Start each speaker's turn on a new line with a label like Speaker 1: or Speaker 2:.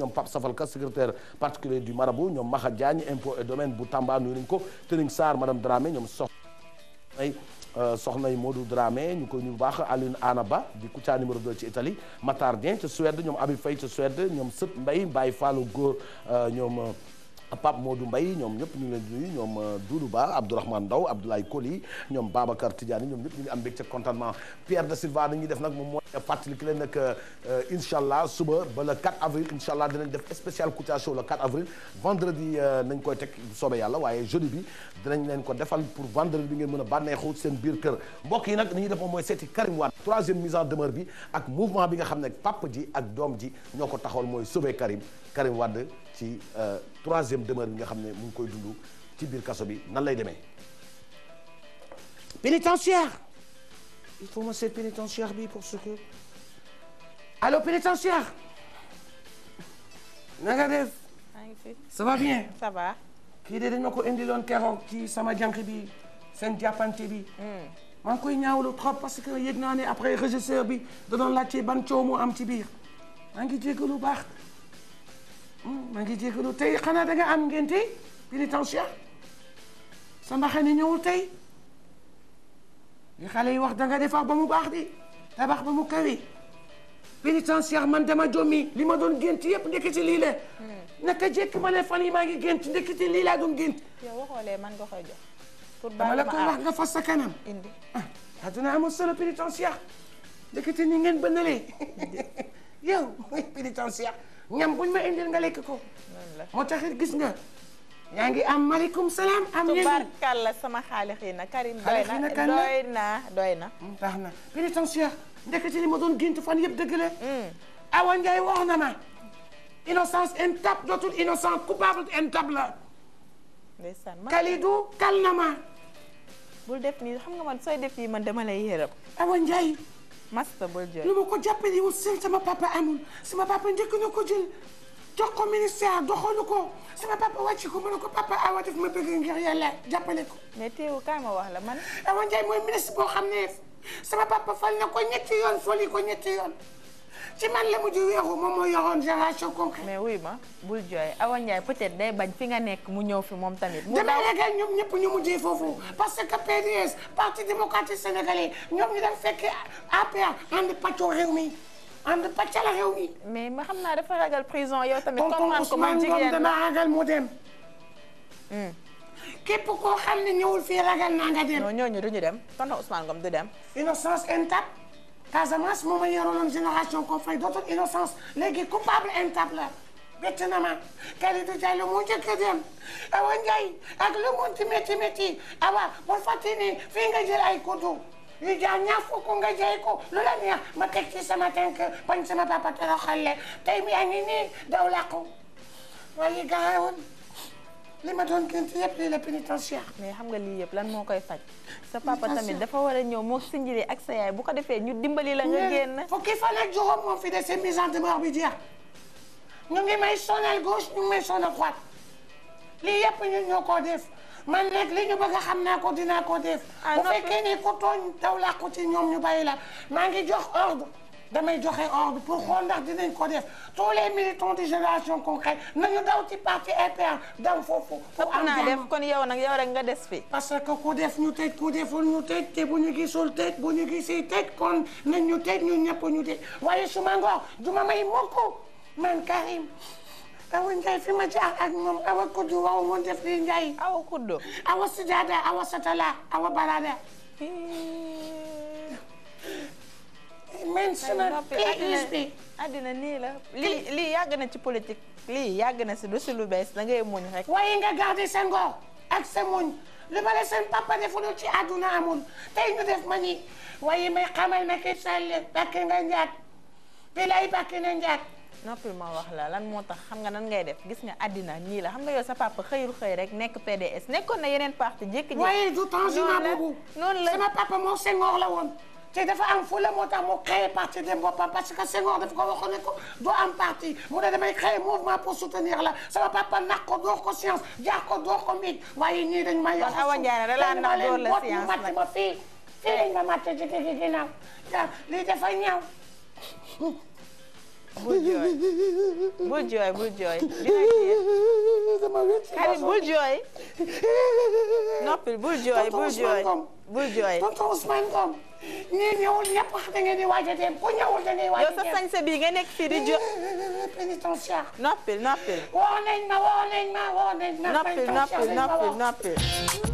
Speaker 1: ñoom Pape Safalka secrétaire particulier du marabu ñoom Maxa Diagne impôt et domaine bu Tamba nuyu nañ ko Tëriñ Sarr madame Dramé ñoom soxna euh, soxnay Modou Dramé ñu koy ñu baax Aline ba di Kouthia numéro 2 ci Italie Matar Dien ca Suède ñoom Abi Faye ca Suède ñoom Sët Mbay Mbaye Fallou Góor euh, ñoom euh, Pape Modou mbay ñoom ñëpp ñu ngi leen di nuyu ñoom euh, Doudou Ba Abdourahmane Ndaw Abdoulaye Koli ñoom Babacar Tidiane ñoom ñëpp ñu ngi am mbégte contentement Pierre de Silva dañuy def nag moom mooy fàttali ki leen nag euh, incha suba ba le 4 avril incha allah dinañ def spécial Kouthia Show le 4 avril vendredi euh, nañ koy teg soobee yàlla waaye jeudi bi dinañ leen ko defal pour vendredi bi ngeen mën a bànneexu seen biir kër mbok yi nag li ñuy def moom mooy seeti Karim Wade troisième mise en demeure nga xam ne papa ji ak doom ji ñoo ko taxawal mooy sauver Karim Karim ci euh, troisième demeure bi nga xam ne mu ngi koy dund ci biir kaso bi na lay demee
Speaker 2: pénitentiaire il faut ma seet pénitentiaire bi pour ce que allo pénitentiaire na nga def ça va bien ça va kii de dañ ma ko indiloon keroog ci sama jànq bi seen jàppante bi hmm. maa ngi koy ñaawlu trop parce que yëg naa ne après bi da doon laajte ban coow moo am ci biir maa ngi jéggalu baax maa ngi jégalu tey xanaa danga am ngénte pénitentiaire sa mbaxane ñëwul tey li xale wax danga def defar ba mu baax di tabax ba mu kawe pénitentiaire man dama jommi li ma doon gént yëpp ndekete lii la. Hmm. naka jekk ma ne yi maa ngi gént ndekete lii laa doon gént.
Speaker 3: yow waxoo man nga koy jox. pour baax la ko wax nga
Speaker 2: fas sa kanam. indi ah adduna amul solo pénitentiaire ndekete ni ngeen bënalee. yow mooy pénitentiaire ñam buñ ma indil nga lekk ko. moo tax it gis nga. yaa ngi am maaleykum salaam. am yéen
Speaker 3: tubarkalla sama xaalis yi na Karim doy na doy
Speaker 2: na doy na. Mm, baax na pénitentiaire li ma doon gént fan yëpp dëgg la. Mm. Awa Ndiaye wax na ma. innocence intable dootul innocent coupable intable la.
Speaker 3: ndeysaan man Kalidou kal na ma. bul def nii xam nga man sooy def nii man dama lay yërëm. Awa Ndiaye. master boo jee lu ma
Speaker 2: ko jàppale wut seen sama papa amul sama papa njëkk na ko jël jox ko ministère doxalu ko sama papa wàcc ko ma ne ko papa awa daf ma bëgg ngir yàlla jàppale ko. mais teewu kaay wax la man. Awa Ndiaye mooy ministre boo xam ne sama papa fal na ko ñetti yoon foli ko ñetti yoon. ci man la mujj weexu moom moo yoroon génération concrète. mais wuy ma
Speaker 3: bul jooy Awa Ndiaye peut-être day bañ fi nga nekk mu ñëw fi moom tamit. mu dama ragal
Speaker 2: ñoom ñëpp ñu mujjee foofu parce que PDS parti démocratique sénégalais ñoom ñu dem fekk APR ànd pàccoo réew mi ànd pàccal ma xam dafa ragal prison yow tamit. comprendre ko man jigéen dama ragal mu dem. Hmm. ñu dem tonton Ousmane Ngom du dem. innocence intacte. Casamance moom a yoroon génération ko fay dootul innocence léegi coupable intable bett na ma Kalidou Diallo moo njëkk a dem Awa Ndiaye ak lu mu ti métti métti awa bul fàtte fii nga jël ay kuddu yu jaa ñaar fukk nga jaay ko lu la neex ma teg ci sama tànk bañ sama a toroxal le tey mi yaa ngi nii daw làqu waaye li ma doon gën yëpp lii la pénitentiaire.
Speaker 3: mais xam nga lii yëpp lan moo koy faj. sa papa tamit dafa war a ñëw moo sinjiri ak sa yaay bu ko defee
Speaker 2: ñu dimbali la nga génn. fukki fan ak juróom moo fi dese mise en demeure bi jeex ñu ngi may sonal gauche ñu ngi may sonal droite lii yëpp ñun ñoo ko def man nag li ñu bëgg a xam naa ko dinaa ko def. Ah, bu fekkee ne ku tooñ daw làqu ci ñoom ñu bàyyi la maa ngi jox ordre. damay joxe ordre pour xool ndax dinañ ko def tous les militants de génération concrète nañu daw ci parti APR daw foofu. pour am naa def kon yow nag yow rek nga des fi. parce que ku def ñu tëj ku deful ñu tëj te bu ñu gisul tëj bu ñu gisee tëj nañ ñu tëj ñu ñëpp ñu tëj waaye su ma du ma may mokk man Karim. awa Ndiaye fi ma jaar ak moom awa kuddu waaw moom def li Ndiaye. awa kuddu awa Sujada awa Satala awa Barada.
Speaker 3: maintenant àddina nii la lii lii yàgg na ci politique
Speaker 2: lii yàgg na si du si lu bees da ngay muñ rek waaye nga garder sa ngor ak sa muñ li ma la seen papa defalul ci àdduna amul tey ñu def ma nii waaye may xamal Macky Sall bàkke nga njaat bi lay bàkke na njaat
Speaker 3: noppil ma wax la lan moo tax xam nga nan ngay def gis nga àddina nii la xam nga yow sa papa xëyul xëy rek nekk PDS nekkoon na yeneen
Speaker 2: parti jékki-jékki waaye du temps noonu la sama papa moom Senghor la woon te dafa am fula mu créé parti dem boppam parce que Senghor daf ko waxoon ne ko doo am parti mu ne damay mouvement pour soutenir la sama papa nak ko door ko science ko door ko miig waaye ñii dañ ma yor. kon Awa Ndiaye la science nag ma fii fii lañ ma màcc ci kii ginnaaw lii dafa ñaaw.
Speaker 3: bul jooy bul jooy
Speaker 2: ma wecc. Karim bul jooy. noppil bul jooy bul jooy bul jooy. tonton Ousmane Ngom. ñii di waaj a a sa sañse bii nga nekk fii di jo. Eh, eh, eh, pénitentiaire.
Speaker 3: noppil noppil. woo
Speaker 2: nañ ma woo nañ ma woo nañ ma. noppil noppil
Speaker 3: noppil